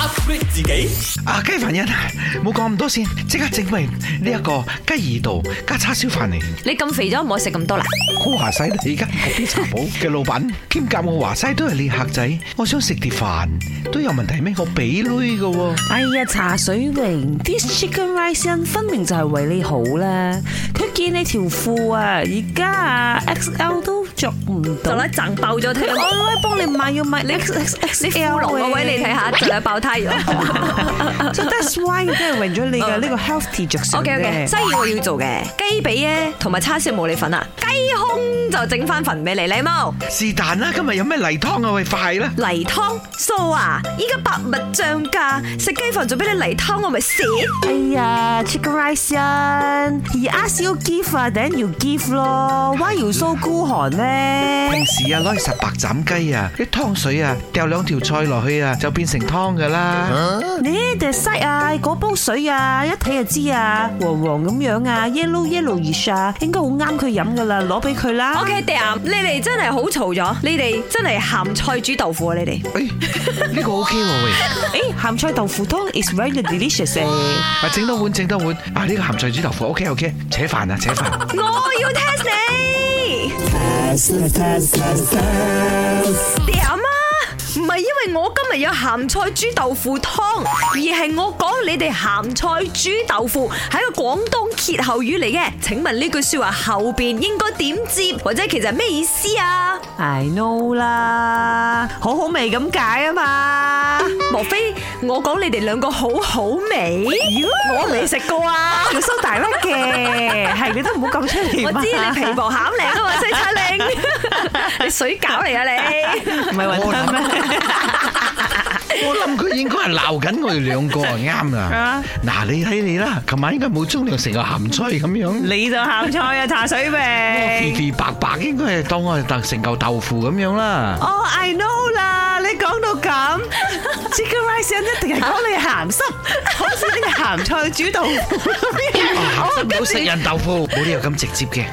upgrade 自己啊！雞飯欣啊，冇講咁多先，即刻整埋呢一個雞二道加叉燒飯嚟。你咁肥咗，唔好食咁多啦。好華西，而家啲茶鋪嘅老闆兼夾我華西都係你客仔，我想食碟飯都有問題咩？我俾女噶。哎呀，茶水榮啲 chicken rice 欣分明就係為你好啦。佢見你條褲啊，而家啊 XL 都着唔到，就嚟脹爆咗添。我幫你買要買你 XL 咯。各位你睇下，就嚟爆。係，so that's why 即係為咗你嘅呢個 healthy 着想。O K O K，所以我要做嘅雞髀咧，同埋叉燒冇你份啊，雞胸就整翻份俾嚟，你冇？是但啦，今日有咩泥湯啊？喂，快啦！泥湯，素啊，依家百物漲價，食雞粉做咩？你泥湯我咪死！哎呀，chicken rice 啊，if you give then you give 咯，why you so 孤寒咧？平時啊，攞嚟食白斬雞啊，啲湯水啊，掉兩條菜落去啊，就變成湯噶。啦，你哋西啊，嗰煲水啊，一睇就知啊，黃黃咁樣啊，yellow yellowish 啊，應該好啱佢飲噶啦，攞俾佢啦。O K，Damn，你哋真係好嘈咗，你哋真係鹹菜煮豆腐啊，你哋。哎，呢個 O K 喎喂？哎，鹹菜豆腐湯 is very delicious，啊，整多碗，整多碗，啊，呢個鹹菜煮豆腐，O K O K，扯飯啊，扯飯，我要 test 你。Damn。唔係因為我今日有鹹菜煮豆腐湯，而係我講你哋鹹菜煮豆腐係一個廣東歇後語嚟嘅。請問呢句說話後邊應該點接，或者其實係咩意思啊？I know 啦，好好味咁解啊嘛。莫非我講你哋兩個好好味？我未食過啊，你收大粒嘅，係你都唔好咁出嚟。我知你皮薄餡靚啊嘛，西餐靚。水餃嚟啊！你唔係雲吞咩？我諗佢應該係鬧緊我哋兩個，啱啊！嗱，你睇你啦，琴晚應該冇中你成嚿鹹菜咁樣，你就鹹菜啊！茶水味，白白應該係當我哋當成嚿豆腐咁樣啦。Oh I know 啦！你講到咁，Jigger Rice 咁一定係講你鹹濕，可惜你係鹹菜煮豆腐。鹹濕冇食人豆腐，冇理由咁直接嘅。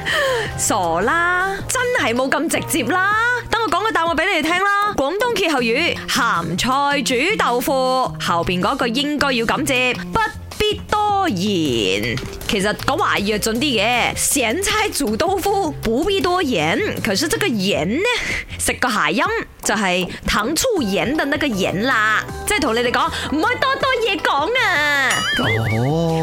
傻啦，真係冇咁直接啦。等我講個答案俾你哋聽啦。廣東歇後語鹹菜煮豆腐後邊嗰句應該要咁接，不必多言。其實講話要準啲嘅，醒差做刀夫，不必多言。其實這個言呢，食個諧音就係糖醋鹽的得個言多多，啊 oh. 啦。即係同你哋講，唔可以多多嘢講啊。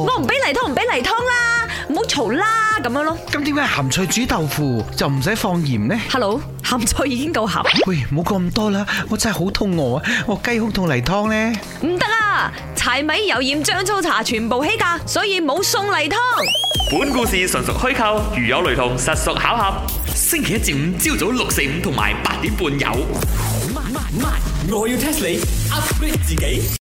我唔俾例湯，唔俾例湯啦。唔好嘈啦，咁樣咯。咁點解鹹菜煮豆腐就唔使放鹽呢？Hello，鹹菜已經夠鹹。喂，唔好咁多啦，我真係好肚餓啊！我雞胸同泥湯呢？唔得啊！柴米油鹽醬醋茶全部起價，所以冇送泥湯。本故事純屬虛構，如有雷同，實屬巧合。星期一至五朝早六四五同埋八點半有。我要 test 你 upgrade 自己。